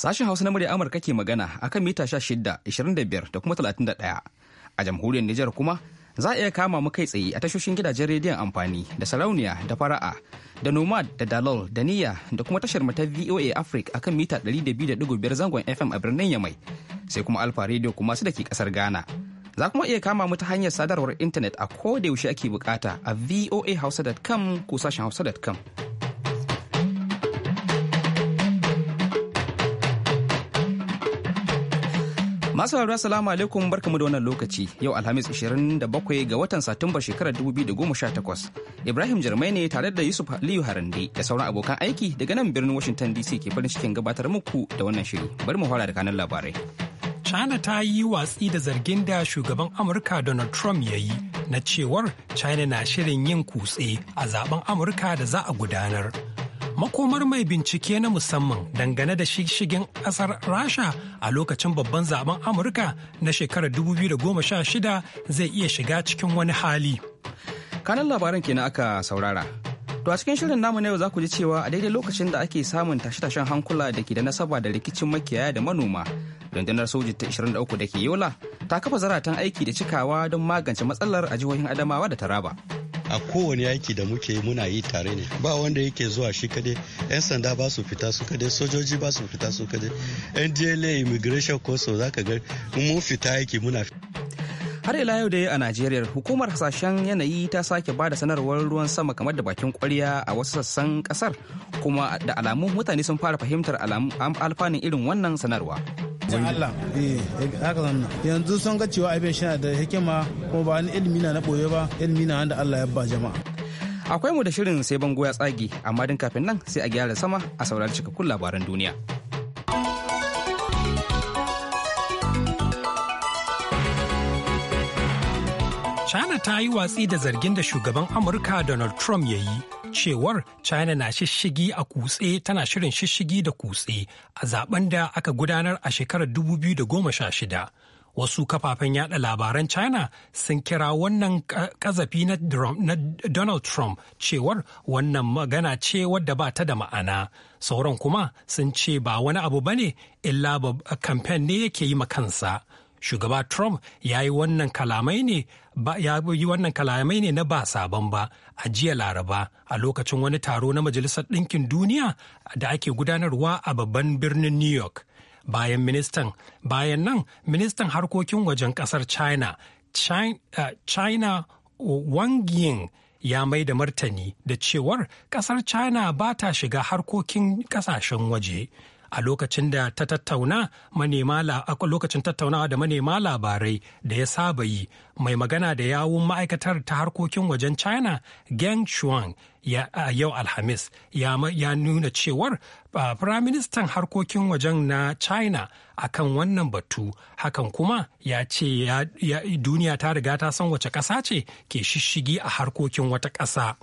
Sashen Hausa na murya Amurka ke magana akan mita 16, 25 da kuma 31. A jamhuriyar Nijar kuma za a iya kama mu kai tsaye a tashoshin gidajen rediyon amfani da sarauniya da fara'a da nomad da dalol da niyya da kuma tashar mata voa africa akan mita 200.5 zangon fm a birnin yamai sai kuma alfa radio kuma su da ke kasar ghana za kuma iya kama mu ta hanyar sadarwar intanet a ko koda yaushe ake bukata a VOA voahausa.com ko sashen hausa.com Masu sauraro salamu alaikum barkamu da wannan lokaci yau Alhamis 27 ga watan Satumba shekarar 2018. Ibrahim Jarmai ne tare da Yusuf Aliyu Harande da sauran abokan aiki daga nan birnin Washington DC ke farin cikin gabatar muku da wannan shiri. Bari mu fara da kanan labarai. China ta yi watsi da zargin da shugaban Amurka Donald Trump ya yi na cewar China na shirin yin kutse a zaben Amurka da za a gudanar. makomar mai bincike na musamman dangane da shigin kasar rasha a lokacin babban zaben amurka na shekarar 2016 zai iya shiga cikin wani hali kanan labaran kenan aka saurara to a cikin shirin namu na yau za ku ji cewa a daidai lokacin da ake samun tashe-tashen hankula da ke da nasaba da rikicin makiyaya da manoma rundunar soji ta 23 da ke yola ta kafa zaratan aiki da cikawa don magance matsalar a jihohin adamawa da taraba a kowane yaki da muke yi muna yi tare ne ba wanda yake zuwa shi kadai yan sanda ba su fita su kadai sojoji ba su fita su kadai ndla immigration koso za ka ga mun fita yake muna har ila yau dai a najeriya hukumar hasashen yanayi ta sake bada sanarwar ruwan sama kamar da bakin kwarya a wasu sassan kasar kuma da alamu mutane sun fara fahimtar alfanun irin wannan sanarwa jin Allah eh haka zan yanzu sun ga cewa abin shi da hikima kuma ba ni ilimi na na boye ba ilimi na da Allah ya ba jama'a akwai mu da shirin sai bango ya tsage amma din kafin nan sai a gyara sama a saurari cikakkun labaran duniya China ta yi watsi da zargin da shugaban Amurka Donald Trump ya yi cewar China na shishigi a kutse tana shirin shishigi da kutse a zaben da aka gudanar a shekarar 2016. Wasu kafafen yada labaran China sun kira wannan kazafi na Donald Trump cewar wannan magana ce wadda ba ta da ma'ana. Sauran kuma sun ce ba wani abu bane illa kamfen ne yake yi ma kansa. shugaba trump ya yi wannan kalamai ne ya yi wannan kalamai ne na ba sabon ba a jiya laraba a lokacin wani taro na majalisar ɗinkin duniya da ake gudanarwa a babban birnin new york bayan ministan bayan nan ministan harkokin wajen ƙasar china china, uh, china wang ying ya mai da martani da cewar ƙasar china ba ta shiga harkokin ƙasashen waje a lokacin da ta tattauna manema lokacin tattaunawa da manema labarai da ya saba yi mai magana da yawun ma'aikatar ta harkokin wajen china geng shuang ya yau alhamis ya, nuna cewar firaministan harkokin wajen na china akan wannan batu hakan kuma ya ce duniya ta riga ta san wace ƙasa ce ke shishigi a harkokin wata ƙasa.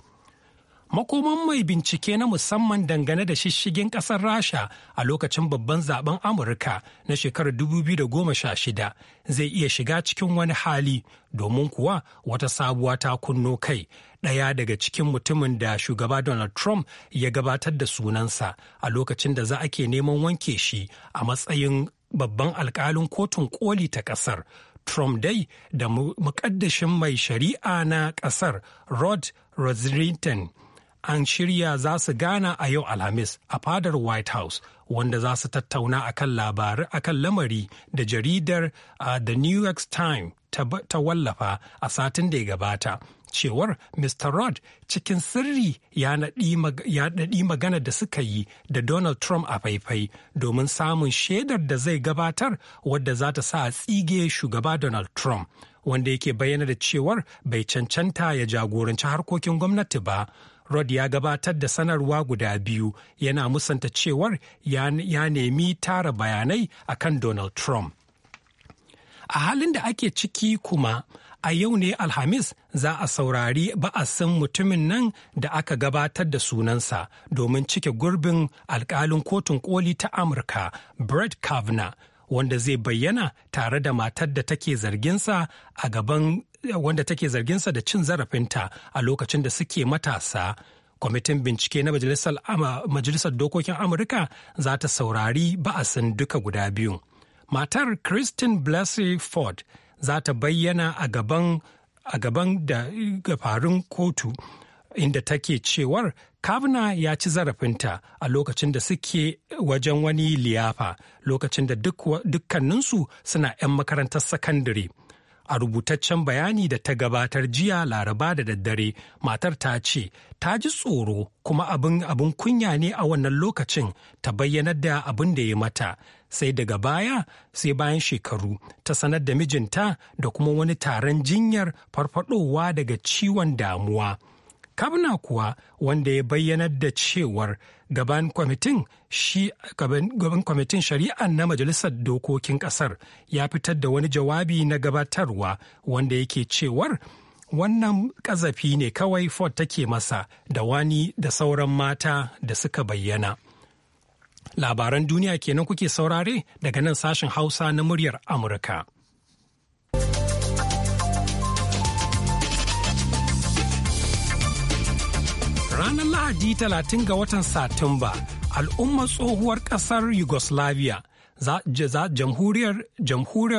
makoman mai bincike na musamman dangane da shishigin kasar rasha a lokacin babban zaben amurka na shekarar 2016 zai iya shiga cikin wani hali domin kuwa wata sabuwa ta kunno kai ɗaya daga cikin mutumin da shugaba donald trump ya gabatar da sunansa a lokacin da za a ke neman wanke shi a matsayin babban alkalin kotun koli ta ƙasar Trump dai da muƙaddashin mai shari'a na ƙasar Rod Rosenthal. an shirya za su gana a yau alhamis a fadar white house wanda za su tattauna akan labarai akan lamari da jaridar uh, the new york times ta, ta wallafa a satin da ya gabata cewar mr rod cikin sirri ya naɗi magana da suka yi da donald trump a faifai domin samun shaidar da zai gabatar wadda za ta sa a tsige shugaba donald trump wanda yake bayyana da cewar bai cancanta ya jagoranci harkokin gwamnati ba Rod ya gabatar da sanarwa guda biyu yana musanta cewar ya nemi tara bayanai a kan Donald Trump. A halin da ake ciki kuma, a yau ne Alhamis za a saurari ba'asin mutumin nan da aka gabatar da sunansa domin cike gurbin alkalin kotun koli ta Amurka, Brett Kavanaugh. wanda zai bayyana tare da matar da take zarginsa a gaban wanda take zarginsa da cin zarafinta a lokacin da suke matasa kwamitin bincike na majalisar dokokin amurka za ta saurari ba'asin duka guda biyu matar christine blasey ford za ta bayyana a gaban da gafarin kotu inda take cewar kavna ya ci zarafinta a lokacin da suke wajen wani liyafa lokacin da dukkaninsu suna 'yan makarantar sakandare. a rubutaccen bayani da ta gabatar jiya laraba da daddare matar ta ce ta ji tsoro kuma abin abin kunya ne a wannan lokacin ta bayyanar da abin da ya mata sai daga baya sai bayan shekaru ta sanar da mijinta da kuma wani taron jinyar farfadowa daga ciwon damuwa kabna kuwa wanda ya bayyanar da cewar gaban kwamitin gaban kwamitin shari'a na majalisar dokokin kasar ya fitar da wani jawabi na gabatarwa wanda yake cewar wannan kazafi ne kawai ford take masa da wani da sauran mata da suka bayyana labaran duniya kenan kuke saurare daga nan sashen hausa na muryar amurka Ranar Lahadi 30 ga watan Satumba, al'ummar tsohuwar ƙasar Yugoslavia, jamhuriyar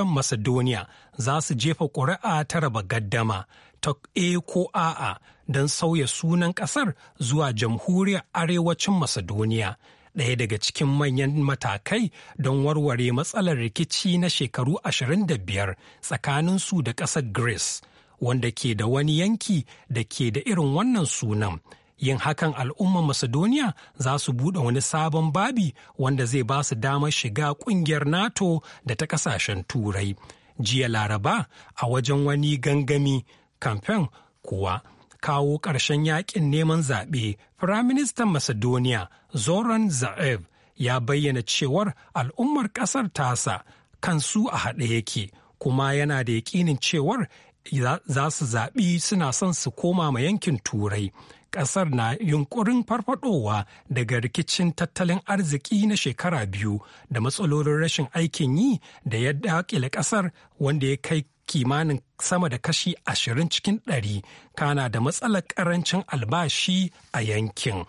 Macedonia za su jefa ƙuri'a ta raba gaddama ta A ko A'a don sauya sunan ƙasar zuwa jamhuriyar Arewacin Macedonia. ɗaya daga cikin manyan matakai don warware matsalar rikici na shekaru 25 tsakanin su da ƙasar Greece, wanda ke da wani yanki da ke da irin wannan sunan yin hakan al'ummar macedonia za su buɗe wani sabon babi wanda zai ba su damar shiga ƙungiyar nato da ta ƙasashen turai jiya laraba a wajen wani gangami kamfen kuwa kawo ƙarshen yaƙin neman zaɓe firaministan macedonia zoran zaev ya bayyana cewar al'ummar ƙasar tasa kansu a haɗe yake kuma yana da yaƙinin cewar za su zaɓi suna son su koma ma yankin turai ƙasar na yunkurin farfadowa daga rikicin tattalin arziki na shekara biyu da matsalolin rashin aikin yi da ya dakile ƙasar wanda ya kai kimanin sama da kashi ashirin cikin ɗari kana da matsalar ƙarancin albashi a yankin.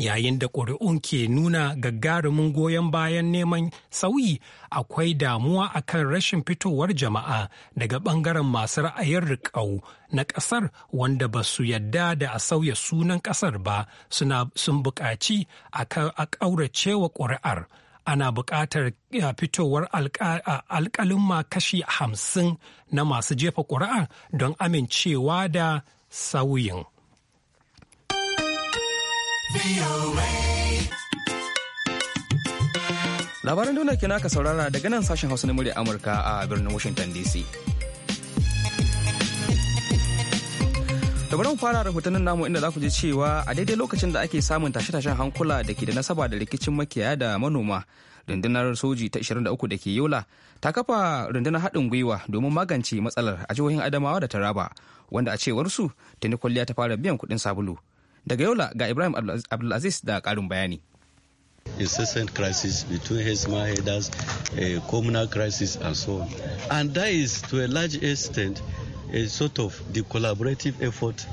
yayin da ƙuri'un ke nuna gagarumin goyon bayan neman sauyi akwai damuwa akan rashin fitowar jama'a daga ɓangaren masu ra'ayin riƙau na ƙasar wanda ba su yadda da a sauya sunan ƙasar ba sun buƙaci a ƙauracewa ƙuri'ar ana buƙatar eh, fitowar alƙalin kashi hamsin na masu jefa ƙuri'ar don amincewa da sauyin. Labaran duniya kenan ka saurara daga nan sashen Hausa na murya Amurka a birnin Washington DC. Dabarun bari mu fara rahotannin namu inda za ku ji cewa a daidai lokacin da ake samun tashe-tashen hankula da ke da nasaba da rikicin makiyaya da manoma rundunar soji ta 23 da ke yola ta kafa rundunar haɗin gwiwa domin magance matsalar a jihohin adamawa da taraba wanda a cewar su tuni kwalliya ta fara biyan kuɗin sabulu Daga Yola ga Ibrahim Abdulaziz da karin bayani. incessant crisis between Hezma headers, a eh, communal crisis, and so on. And that is, to a large extent, a sort of the collaborative effort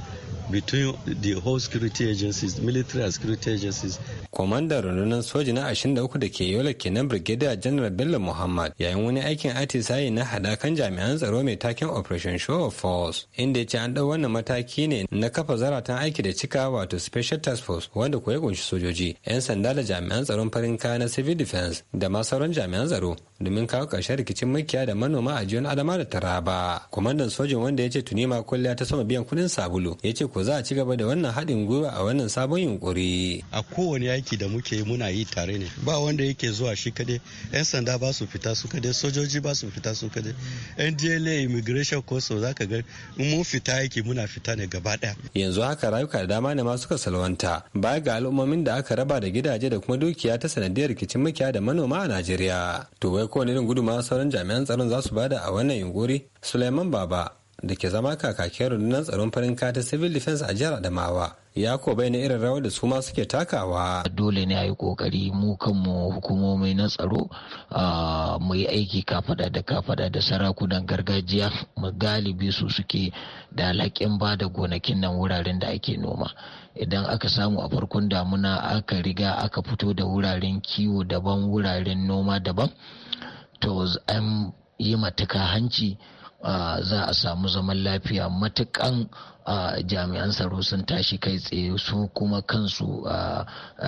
between the whole security agencies, military and security agencies. Kwamandan rundunar soji na 23 da da ke yola kenan Brigadier General Bello Muhammad yayin wani aikin atisaye na hadakan jami'an tsaro mai taken Operation Show of Force inda ya ce an ɗau wannan mataki ne na kafa zaratan aiki da cika wato Special Task Force wanda ko ya kunshi sojoji, 'yan sanda da jami'an tsaron farin kaya na Civil Defense da ma sauran jami'an tsaro domin kawo ƙarshen rikicin makiya da manoma a jiyon adama da taraba kwamandan sojan wanda ya ce tuni ma kulliya ta sama biyan kuɗin sabulu ya ce ko za a ci gaba da wannan haɗin gwiwa a wannan sabon yunkuri a kowane yaki da muke muna yi tare ne ba wanda yake zuwa shi kadai yan sanda ba su fita su kadai sojoji ba su fita su kadai ndla immigration so za ka ga mun fita yake muna fita ne gaba ɗaya yanzu haka rayuka da dama ne ma suka salwanta baya ga al'ummomin da aka raba da gidaje da kuma dukiya ta sanadiyar rikicin makiya da manoma a najeriya to wai kowane irin guduma sauran jami'an tsaron za su bada a wannan yunkuri suleiman baba da ke zama kakakin rundunar tsaron farin kata civil defense a jihar adamawa ya ko na irin rawar da su ma suke takawa. Dole ne a yi kokari mu kanmu hukumomi na tsaro mu yi aiki kafada da kafada da sarakunan gargajiya mu galibi su suke da alhakin ba da gonakin nan wuraren da ake noma. Idan aka samu a farkon damuna aka riga aka fito da wuraren kiwo daban wuraren noma daban. to an yi matuka hanci za a samu zaman lafiya matukan jami'an tsaro sun tashi kai tsaye su kuma kansu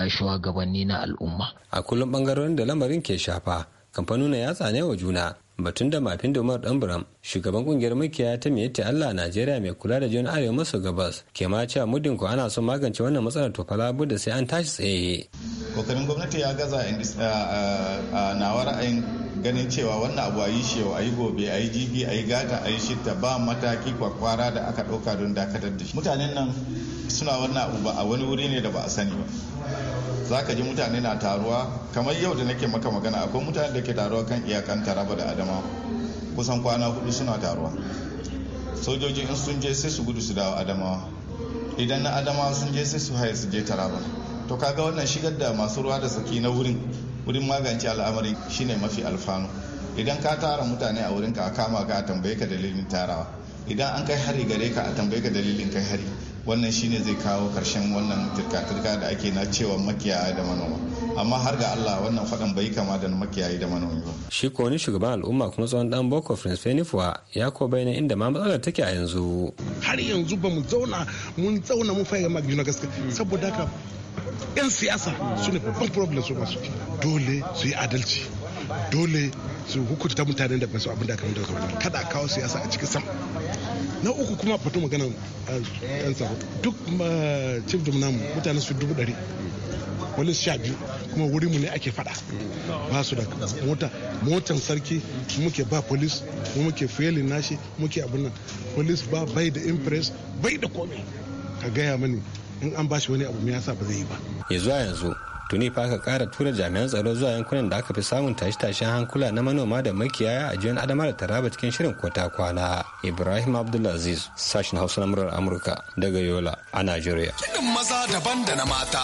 shugabanni na al'umma a kullum bangarorin da lamarin ke shafa kamfanuna ya tsane wa juna batun da mafin da umar danburam shugaban kungiyar makiyaya ta miyatta allah najeriya mai kula da jiyon arewa maso gabas ke ma cewa muddin ko ana son magance wannan matsalar to fa da sai an tashi tsaye kokarin gwamnati ya gaza uh, uh, uh, a a ra'ayin ganin cewa wannan abu a yi shewa a yi gobe a yi jibi a yi gata a yi shitta ba mataki kwakwara da aka ɗauka don dakatar da shi mutanen nan suna wannan abu ba a wani wuri ne da ba a sani ba za ka ji mutane na taruwa kamar yau da nake maka magana akwai mutane da ke taruwa kan iyakan taraba da adama kusan kwana hudu suna taruwa sojoji in sun je sai su gudu su dawo adamawa idan na adamawa sun je sai su haye su je taraba to kaga wannan shigar da masu ruwa da saki na wurin wurin magance al'amari shine mafi alfanu idan ka tara mutane a wurinka a kama ka a tambaye ka dalilin tarawa idan an kai hari gare ka a tambaye ka dalilin kai hari wannan shine zai kawo karshen wannan turka-turka da ake na cewa makiyaya da manoma amma har ga Allah wannan fadan bai kama da makiyayi da manomi ba shi ko ni shugaban al'umma kuma tsohon dan boko prince fenifuwa ya ko bayyana inda ma matsalar take a yanzu har yanzu ba mu zauna mun zauna mu fayyama juna gaskiya saboda haka 'yan siyasa su ne babban problem su masu dole su yi adalci dole su hukunta mutanen da basu abin da aka da zaune kada a kawo siyasa a cikin sam na uku kuma fito magana eh, yan tsaro duk eh, chief dum namu mutane su dubu dari wani sha biyu kuma wuri mu ne ake fada ba su da mota motan sarki muke ba polis mu muke fiyelin nashi muke abin nan polis ba bai da impress bai da komai ka gaya mani in an bashi wani abu me yasa ba zai yi ba ya zuwa yanzu tuni fa aka kara tura jami'an tsaro zuwa yankunan da aka fi samun tashe-tashen hankula na manoma da makiyaya a jiyan adama da taraba cikin shirin kwata kwana ibrahim abdulaziz sashen hausa na murar amurka daga yola a nigeria kiɗin maza daban da na mata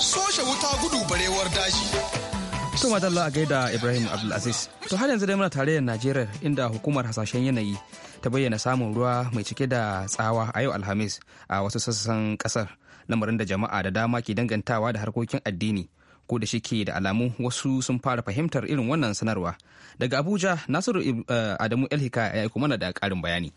soshe wuta gudu barewar daji To madalla a gaida Ibrahim Abdulaziz. To har yanzu dai muna tarayyar Najeriya inda hukumar hasashen yanayi ta bayyana samun ruwa mai cike da tsawa a yau alhamis a wasu sassan kasar lamarin da jama'a da dama ke dangantawa da harkokin addini ko da shi ke da alamu wasu sun fara fahimtar irin wannan sanarwa daga abuja nasiru eh, adamu el hikaya ya aiko mana da karin bayani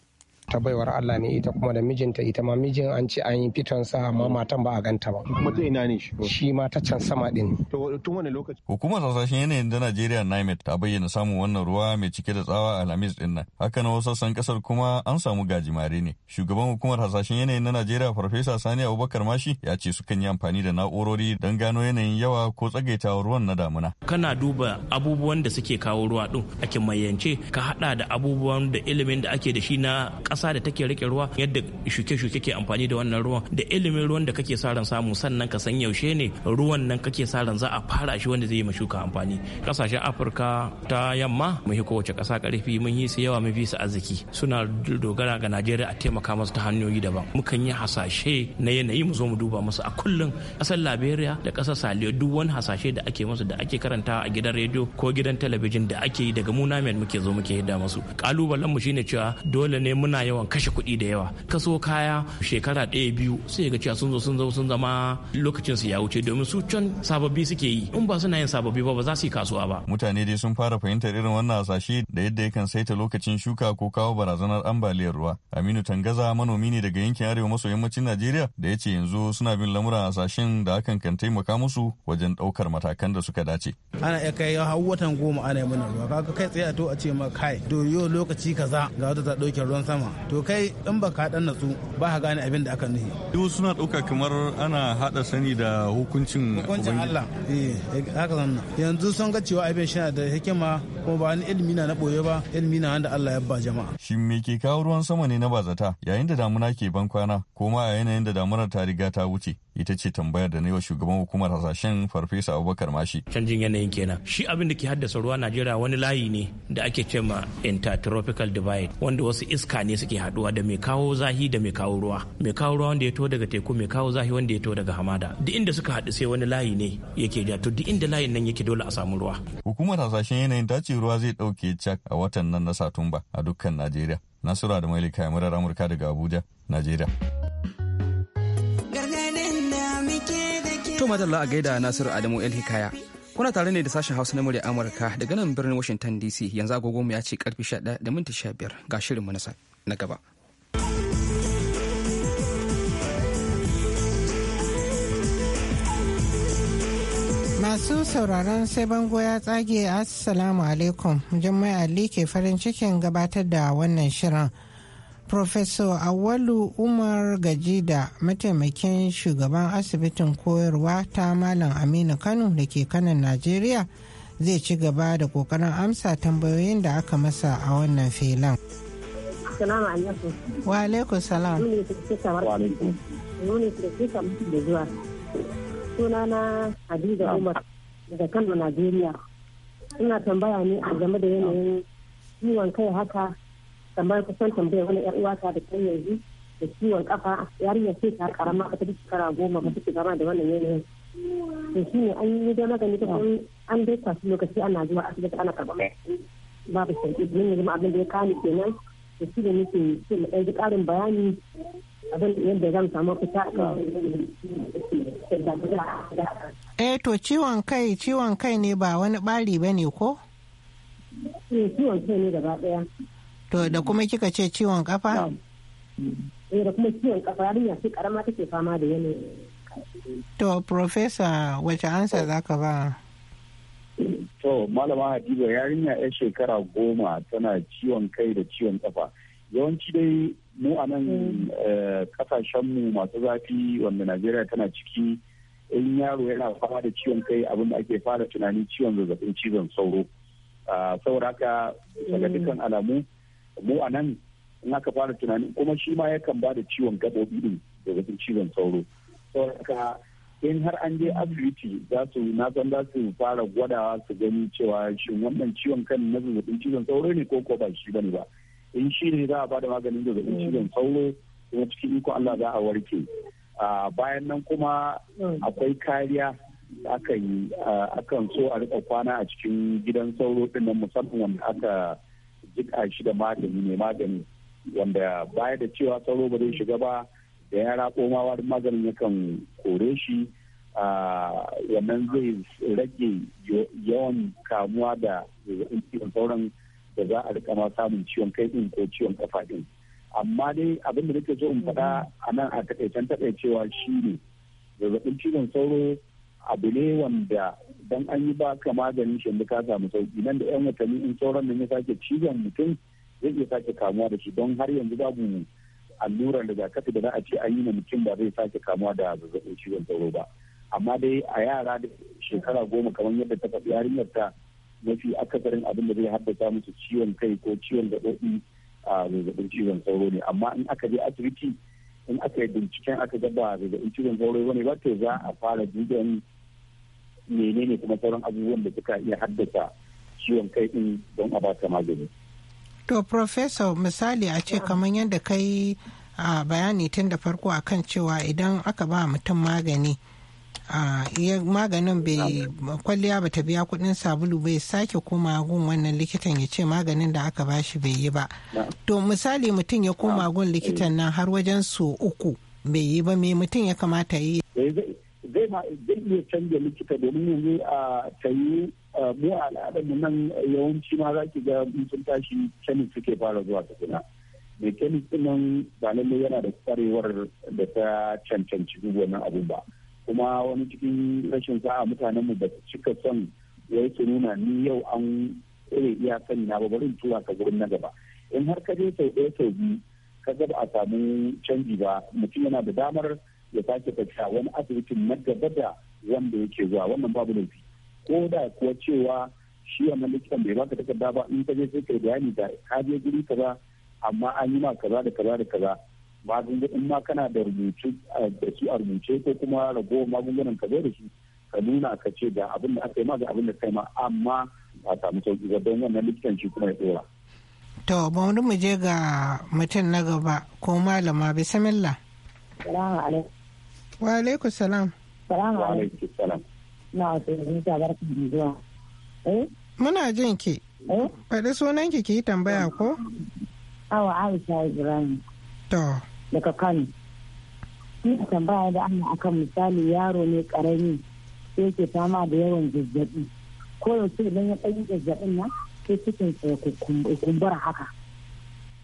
ta baiwar Allah ne ita kuma da mijinta ita ma mijin an ce an yi fiton sa amma matan ba a ganta ba kuma ta ina ne shi shi ma ta can sama din to tun wani lokaci hukumar hasashen yanayin da Najeriya NIMET ta bayyana samun wannan ruwa mai cike da tsawa Alhamis din nan haka na wasu sassan kasar kuma an samu gajimare ne shugaban hukumar hasashen yanayin na Najeriya Farfesa Sani Abubakar Mashi ya ce sukan yi amfani da na'urori don gano yanayin yawa ko tsagaitawa ruwan na damuna kana duba abubuwan da suke kawo ruwa din a kimayyance ka hada da abubuwan da ilimin da ake da shi na ƙasa ƙasa da take rike ruwa yadda shuke-shuke ke amfani da wannan ruwan da ilimin ruwan da kake sa ran samu sannan ka san yaushe ne ruwan nan kake sa ran za a fara shi wanda zai yi ma shuka amfani ƙasashen afirka ta yamma mun yi kowace ƙasa ƙarfi mun yi su yawa mun fi su arziki suna dogara ga najeriya a taimaka masu ta hanyoyi daban mukan yi hasashe na yanayi mu zo mu duba musu a kullum ƙasar liberia da ƙasar saliyo duk wani hasashe da ake musu da ake karanta a gidan rediyo ko gidan talabijin da ake yi daga munamen muke zo muke yadda musu ƙalubalen mu shine cewa dole ne muna yawan kashe kuɗi da yawa kaso kaya shekara ɗaya biyu sai ga cewa sun zo sun sun zama lokacin su ya wuce domin su can sababbi suke yi in ba suna yin sababbi ba ba za su yi kasuwa ba mutane dai sun fara fahimtar irin wannan hasashe da yadda yakan saita lokacin shuka ko kawo barazanar ambaliyar ruwa aminu tangaza manomi ne daga yankin arewa maso yammacin najeriya da ya ce yanzu suna bin lamuran hasashen da hakan kan taimaka musu wajen ɗaukar matakan da suka dace ana iya kai har watan goma ana yi mana ruwa kaga kai tsaye a to a ce ma kai yau lokaci kaza ga wata ta ɗauke ruwan sama to kai in ba ka dan natsu ba ka gane abin da aka nuhi duk suna dauka kamar ana hada sani da hukuncin Allah eh haka yanzu sun ga cewa abin shi da hikima kuma ba ni ilimi na na boye ba ilimi na wanda Allah ya ba jama'a shi me ke kawo ruwan sama ne na bazata yayin da damuna ke ban kwana ko ma a yanayin da damunar ta riga ta wuce ita ce tambayar da na yi wa shugaban hukumar hasashen farfesa abubakar mashi canjin yanayin kenan shi abin da ke haddasa ruwa najeriya wani layi ne da ake ce ma intertropical divide wanda wasu iska ne suke haduwa da mai kawo zahi da mai kawo ruwa mai kawo ruwa wanda ya to daga teku mai kawo zahi wanda ya to daga hamada duk inda suka haɗu sai wani layi ne yake ja to duk inda layin nan yake dole a samu ruwa hukumar hasashen yanayin ta ce ce ruwa zai ɗauke cak a watan nan na Satumba a dukkan Najeriya. Nasura da Mailika murar Amurka daga Abuja, Najeriya. To madalla a gaida Nasiru Adamu El Hikaya. Kuna tare ne da sashen Hausa na murya Amurka daga nan birnin Washington DC yanzu agogo mu ya ce karfe 11 da minti 15 ga shirinmu na gaba. Masu sauraron sai bango ya tsage Assalamu alaikum Jummai Ali ke farin cikin gabatar da wannan shirin. Professor Awalu Umar Gajida mataimakin shugaban asibitin koyarwa ta Malam Aminu Kano da ke kanan Najeriya zai ci gaba da kokarin amsa tambayoyin da aka masa a wannan filan. Wa alaikun salam. zuwa. sunana hadiza umar daga kano najeriya ina tambaya ne a game da yanayin ciwon kai haka kamar kusan tambaya wani yar uwata da kai yanzu da ciwon kafa yarinya ce ta karama a ta shekara goma ba take gama da wannan yanayin to shi ne an yi da magani ta an dai tafi lokaci ana zuwa asibiti ana karɓar babu sauki don yanzu abin da ya kani kenan da shi da nake so mu ɗan ji ƙarin bayani abin yadda zan samu fita eh to ciwon kai ciwon kai ne ba wani bari ba ne ko eh, ciwon kai ne gaba daya to da kuma kika ce ciwon kafa mm. eh da kuma ciwon kafa yarinya ce karama take fama da yanayi to professor wace ansa zaka ba to malama hadiza yarinya yar shekara goma tana ciwon kai da ciwon kafa yawanci dai mu a nan eh, kasashenmu masu zafi wanda najeriya tana ciki in yaro yana fama da ciwon kai abin da ake fara tunani ciwon zazzabin cizon sauro ah, saboda haka daga mm. dukkan alamu mu a nan in aka fara tunani kuma shi ma yakan ba da ciwon gabobi din zazzabin cizon sauro saboda haka in har an je asibiti za su na san za su fara gwadawa su gani cewa shin wannan ciwon kan na zazzabin cizon sauro ne ko ko ba shi bane ba in shi ne za a bada maganin zazzabin cizon sauro kuma cikin iko Allah za a warke bayan nan kuma akwai kariya aka yi akan so a rika kwana a cikin gidan sauro din nan musamman wanda aka jika shi da magani ne magani wanda baya da cewa sauro ba zai shiga ba da ya rako ma wani maganin yakan kore shi wannan zai rage yawan kamuwa da zazzabin cizon sauran da za a rika samun ciwon kai din ko ciwon kafa din amma dai abin da nake zo in faɗa a nan a takaicen shi ne zazzabin cizon sauro abu ne wanda dan an yi ba ka maganin shi ka samu sauki nan da yan watanni in sauran nan ya sake cizon mutum zai iya sake kamuwa da shi don har yanzu babu allurar rigakafi da za a ce an yi na mutum ba zai sake kamuwa da zazzabin cizon sauro ba amma dai a yara da shekara goma kamar yadda ta faɗi yarinyar ta mafi akasarin abin da zai haddasa musu ciwon kai ko ciwon gaɓoɓi a zazzaɓin cizon sauro ne amma in aka je asibiti in aka yi binciken aka ga ba zazzabin cizon sauro wani ba to za a fara duban menene kuma sauran abubuwan da suka iya haddasa ciwon kai din don a baka magani. To Professor misali a ce kamar yadda kai a bayani tun da farko akan cewa idan aka ba mutum magani a maganin bai kwalliya ba ta biya kudin sabulu bai sake koma gun wannan likitan ya ce maganin da aka bashi bai yi ba to misali mutum ya koma gun likitan nan har wajen su uku bai yi ba me mutum ya kamata yi eh, zai iya canza likita domin yanzu a tayi mu al'adar mu nan yawanci ma za ki ga sun tashi kemis suke fara zuwa ta tukuna mai kemis nan ba lallai yana da kwarewar da ta cancanci wannan abu ba kuma wani cikin rashin sa'a mutanen mu ba su cika son wai su nuna ni yau an tsere iya sani na ba barin tura ka gurin na gaba in har ka je sau ɗaya sau biyu ka gaba a samu canji ba mutum yana da damar ya sake tafiya wani asibitin na gaba da wanda yake zuwa wannan babu laifi ko da kuwa cewa shi wannan likitan bai baka takarda ba in ka je sai kai bayani da ka je guri kaza amma an yi ma kaza da kaza da kaza magungunan in ma kana da rubutu da su a rubuce ko kuma ragowar magungunan ka zai da su ka nuna ka ce ga abin da aka yi ma ga abin da kai ma amma ba samu sauki ba don wannan likitan shi kuma ya tsora. To bari mu je ga mutum na gaba ko malama bisamillah. Salamu alaikum. Wa alaikum salam. Salamu alaikum salam. Na wasu yanzu ta zuwa. Eh? Muna jin ki. Eh? Faɗi sunan ki ki tambaya ko? Awa Aisha Ibrahim. To. daga kano ina tambaya da ana akan misali yaro ne karami sai yake fama da yawan zazzabi ko yaushe idan ya ɗan zazzabin nan sai cikin kumbura haka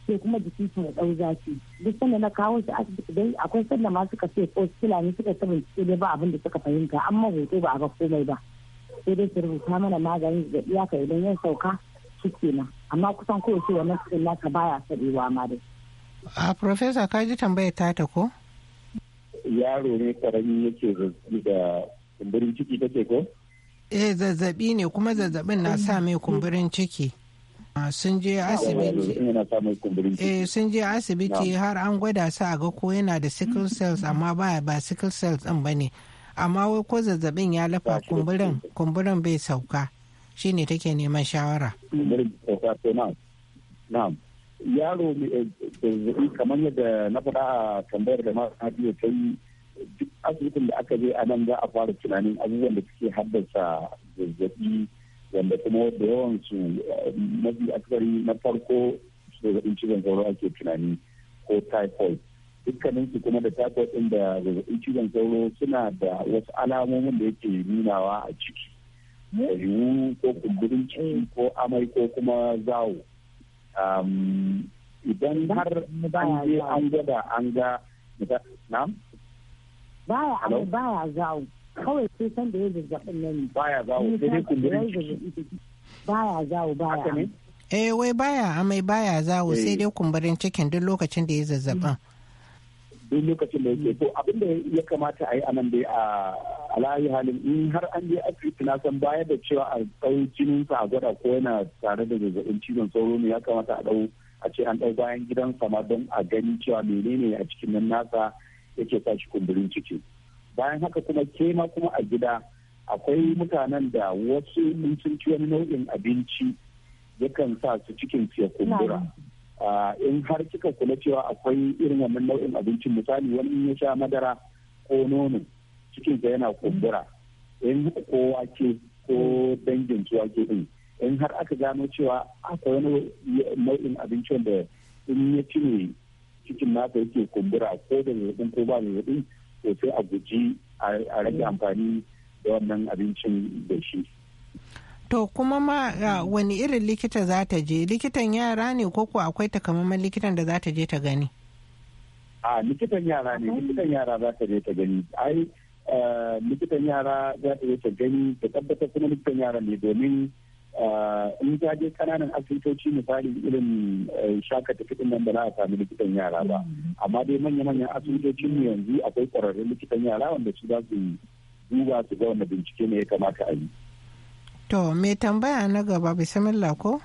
sai kuma jiki su ya ɗau zafi duk sanda na kawo shi asibiti dai akwai sanda ma suka ce ko fulani suka ta bincike dai ba abin da suka fahimta amma hoto ba a ga komai ba sai dai su rubuta mana maganin da iyaka idan ya sauka shi kenan amma kusan kowace wannan cikin nasa baya saɗewa ma dai a profesa ka ji tambayar tata ko yaro ne karami yake zazzabi da kumburin ciki take ko eh zazzabi ne kuma zazzabin na sa mai kumburin ciki ah, sun je ah, asibiti eh sun je asibiti har an gwada su a ga ko yana da sickle cells amma ba ba sickle cells din bane amma wai ko zazzabin ya lafa kumburin kumburin bai sauka shine take neman shawara kumburin sauka na'am yaro eh, zazzabi kamar yadda na faɗa a tambayar da masu biyu ta yi duk asibitin da aka je a nan za a fara tunanin abubuwan da suke haddasa zazzabi wanda kuma da yawan su eh, mafi akasari na farko zazzabin cizon sauro ake tunani ko typhoid dukkanin su kuma da typhoid din da zazzabin cizon sauro suna da wasu alamomin da yake nunawa a ciki yiwu hmm. ko kumburin ko amai ko kuma zawo idan har an je an gada an ga na? baya abu baya zawo kawai sai san da ya zazzabin nan baya zawo sai dai kumburin baya zawo baya eh wai baya amai baya zawo sai eh. dai kumburin cikin duk lokacin da ya zazzabin duk lokacin da yake to abin da ya kamata a yi a nan dai a alayi halin in har an je asibiti na san baya da cewa a ɗau jininsa a gwada ko yana tare da zazzabin cizon sauro ne ya kamata a ɗau a ce an ɗau bayan gidan sama don a gani cewa menene a cikin nan nasa yake sa shi kumburin ciki bayan haka kuma kema kuma a gida akwai mutanen da wasu mun sun ci wani nau'in abinci yakan sa su cikin su ya kumbura Ah, in har kika kula cewa akwai irin wannan nau'in abincin misali wani ya sha madara ko nono cikinsa yana kumbura in ko wake ko dangin su wake din in har aka gano cewa akwai wani nau'in abincin da in ya cire cikin nasa yake kumbura ko da zazzabin ko ba zazzabin to sai a guji a rage amfani da wannan abincin da shi To kuma ma uh, wani irin likita za ta je? Likitan yara ne ko ko akwai takamaiman likitan da za ta je ta gani? A likitan yara ne, likitan yara za ta je ta gani. Ai uh, likitan yara za ta je ta gani da tabbatar kuma likitan yara ne domin uh, in ta je kananan asibitoci misali irin shaka kudin nan ba za a sami likitan yara ba. Mm. Amma dai manya-manyan asibitocin yanzu akwai ƙwararrun likitan yara wanda su za su duba su ga wanda bincike ne ya kamata a yi. To, me tambaya na gaba bisimillah ko?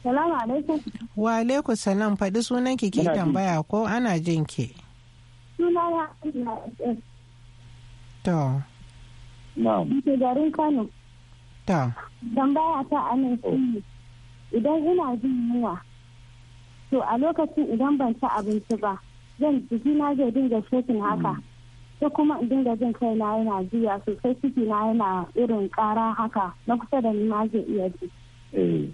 Salamu alaikum. Wa alaikum salam faɗi sunan ki ki tambaya ko ana jin ki. ya To. Na. Ke garin Kano. To. Tambaya ta anan oh. shi idan ina jin yunwa. To a lokacin idan ban ci abinci ba zan jikina zai dinga shekin haka. sai kuma in dinga jin kai na yana jiya sosai ciki na yana irin kara haka na kusa da ni ma zai iya ji eh.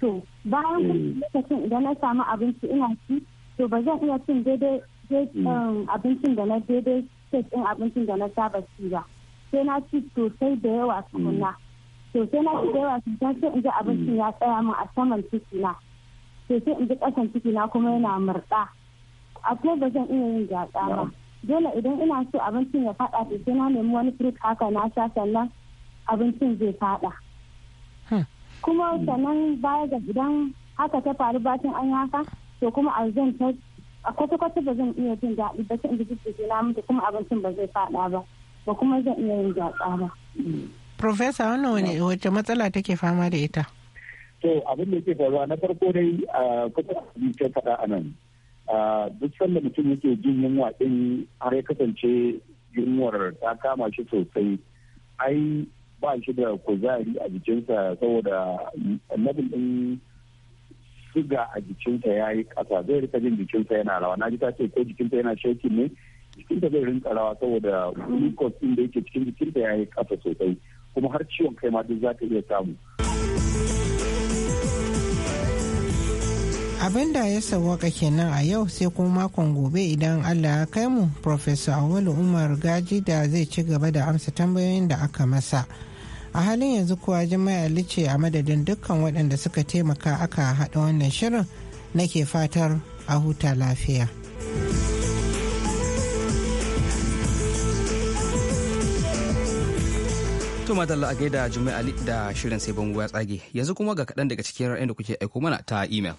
to bayan eh. lokacin idan na samu abinci ina ci to ba zan iya cin daidai mm. um, abincin da na daidai ɗin abincin da na saba ci ba sai na ci sosai da yawa mm. tukuna to sai na ci da yawa sosai sai in ji abincin mm. ya tsaya min a saman ciki na to sai in ji ƙasan ciki na kuma yana murɗa a ko ba zan iya yin gyaɗa ba dole idan ina so abincin ya fada to sai na nemi wani fruit haka na sha sannan abincin zai fada hmm. kuma sannan baya ga idan haka ta faru bacin an haka to kuma a zan ta a kwata-kwata ba zan iya jin daɗi ba sai ji na mutu kuma abincin ba zai fada ba ba kuma zan iya yin jatsa ba. Profesa wannan wani wacce matsala take fama da ita? To abin da ke faruwa na farko dai a kusa abincin faɗa a nan duk sanda mutum yake jin yunwa din har ya kasance yunwar ta kama shi sosai ai ba shi da kuzari a jikinsa saboda nabin din suga a jikinsa ya yi ƙasa zai rika jin jikinsa yana rawa na ji ta ce ko jikinsa yana shaki ne jikinsa zai rinka rawa saboda glucose din da yake cikin jikinsa ya yi ƙasa sosai kuma har ciwon kai ma duk za ka iya samu abin da ya sawwaka kenan a yau sai kuma makon gobe idan allah ya kai mu professor awolu umar gaji da zai ci gaba da amsa tambayoyin da aka masa a halin yanzu kuwa jama'a lice a madadin dukkan waɗanda suka taimaka aka haɗa wannan shirin nake fatar a huta lafiya To madalla a gaida Jummai Ali da shirin sai bango ya tsage yanzu kuma ga kaɗan daga cikin ra'ayin da kuke aiko mana ta imel.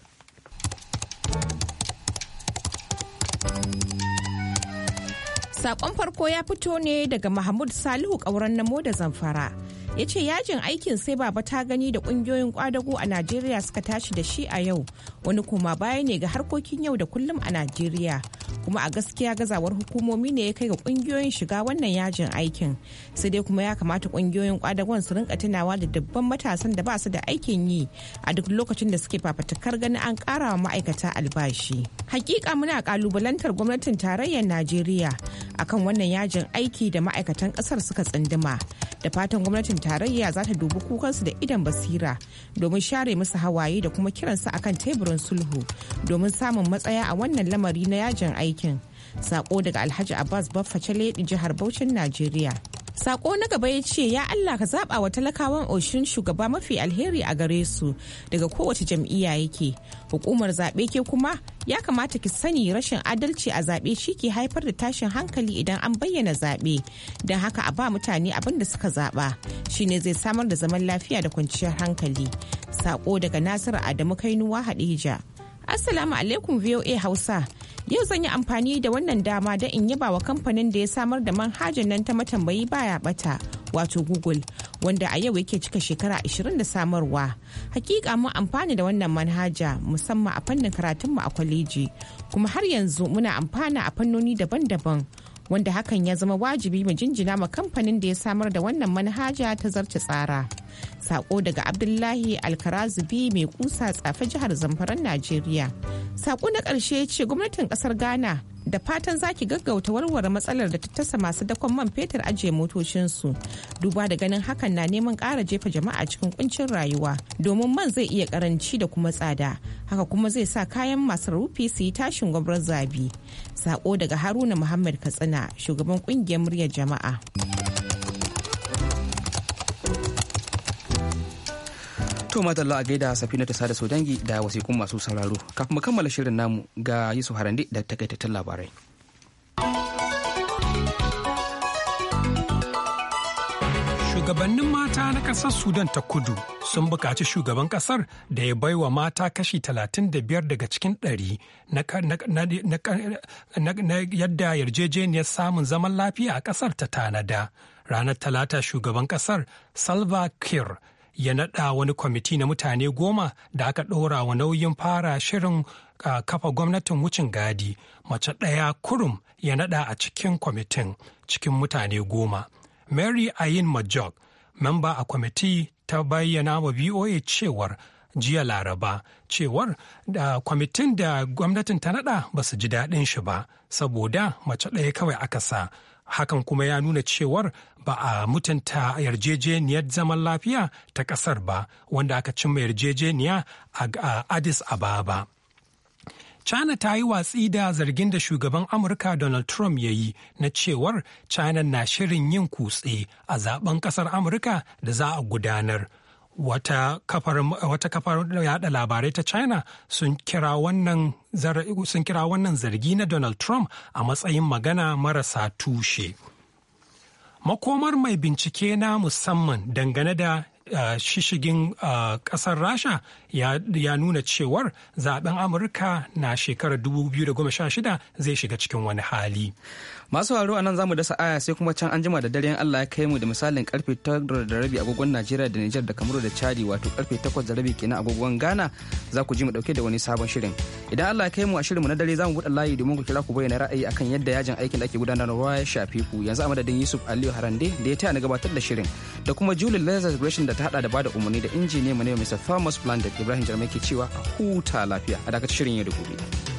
Sakon farko ya fito ne daga Mahmud Salihu ƙauren namo da zamfara. ya ce yajin aikin sai baba ta gani da kungiyoyin kwadago a najeriya suka tashi da shi a yau wani koma baya ne ga harkokin yau da kullum a najeriya kuma a gaskiya gazawar hukumomi ne ya kai ga kungiyoyin shiga wannan yajin aikin sai dai kuma ya kamata kungiyoyin kwadagon su rinka tunawa da dubban matasan da ba su da aikin yi a duk lokacin da suke fafatakar ganin an kara wa ma'aikata albashi hakika muna kalubalantar gwamnatin tarayyar najeriya akan wannan yajin aiki da ma'aikatan kasar suka tsinduma da fatan gwamnatin tarayya za ta dubi kukansu da idan basira domin share musu hawaye da kuma kiransu akan teburin sulhu domin samun matsaya a wannan lamari na yajin aikin. Sako daga Alhaji Abbas Baffa chaleɗi jihar Bauchin Najeriya. Sako na gaba ya ce ya Allah ka zaba wa talakawan oshin shugaba mafi alheri a gare su daga kowace jam'iyya yake. Hukumar zaɓe ke kuma ya kamata ki sani rashin adalci a zaɓe shi ke haifar da tashin hankali idan an bayyana zaɓe. Don haka a ba mutane abin da suka zaɓa shi ne zai samar da zaman lafiya da kwanciyar hankali. Sako daga Nasiru Adamu Kainuwa Hadija. Assalamu alaikum VOA Hausa. Yau zan yi amfani da wannan dama da in yaba wa kamfanin da ya samar da manhajar nan ta matambayi baya bata wato Google wanda a yau yake cika shekara 20 da samarwa. Hakika mun amfani da wannan manhaja musamman a fannin karatunmu a kwaleji kuma har yanzu muna amfana a fannoni daban-daban. wanda hakan ya zama wajibi mu jinjina ma kamfanin da ya samar da wannan manhaja ta zarce tsara. Sako daga Abdullahi Alkarazubi mai kusa tsafe jihar Zamfaran Najeriya. Sako na ƙarshe ce gwamnatin ƙasar Ghana da fatan zaki gaggauta warware matsalar da tattasa masu dakon man fetur ajiye motocinsu duba da ganin hakan na neman ƙara jefa jama'a cikin kuncin rayuwa domin man zai iya karanci da kuma tsada haka kuma zai sa kayan masu rufi su yi tashin gwabrar zabi sako daga haruna muhammad katsina shugaban ƙungiyar muryar jama'a To madalla a gaida safina ta sada dangi da wasikun masu sauraro. Kafin mu kammala shirin namu ga Yusuf Harande da takaitattun labarai. Shugabannin mata na ƙasar Sudan ta kudu sun buƙaci shugaban ƙasar da ya baiwa mata kashi talatin da biyar daga cikin ɗari na yadda yarjejeniyar samun zaman lafiya a ƙasar ta tanada. Ranar Talata shugaban ƙasar Salva Kiir ya naɗa wani kwamiti na mutane goma da aka ɗora wa nauyin fara shirin kafa gwamnatin wucin gadi mace ɗaya kurum ya naɗa a cikin kwamitin cikin mutane goma. Mary Ayin Majok, memba a kwamiti ta bayyana wa VOA cewar jiya laraba cewar da kwamitin da gwamnatin ta naɗa ba su ji daɗin shi ba saboda mace ɗaya kawai aka sa hakan kuma ya nuna cewar ba a mutunta yarjejeniyar zaman lafiya ta kasar ba wanda aka cimma yarjejeniya a addis ababa China ta yi watsi da zargin da shugaban Amurka Donald Trump ya yi na cewar China na shirin yin kutse a zaben kasar Amurka da za a gudanar. wata kafar wata kafar yada labarai ta China sun kira wannan sun kira wannan zargi na Donald Trump a matsayin magana marasa tushe. Makomar mai bincike na musamman dangane da Uh, shishigin uh, eh, kasar rasha ya, ya nuna cewar zaben amurka na shekarar 2016 zai shiga cikin wani hali masu haro nan zamu dasa aya sai kuma can anjima da daren Allah ya kai mu da misalin karfe 9 da rabi agogon Najeriya da Niger da Kamaru da Chadi wato karfe 8 da rabi kenan agogon Ghana za ku ji mu dauke da wani sabon shirin idan Allah ya kai mu a shirin mu na dare zamu buɗe layi domin ku kira ku bayyana ra'ayi akan yadda yajin aikin da ake gudanarwa ya shafi ku yanzu a madadin Yusuf Aliyu Harande da ya taya na gabatar da shirin da kuma Julie Lazarus Gresham da ta hada da bada umarni da injiniya mu ne Mr. Thomas Blandet Ibrahim Jarmai ke cewa a huta lafiya a dakatar shirin ya rubuta.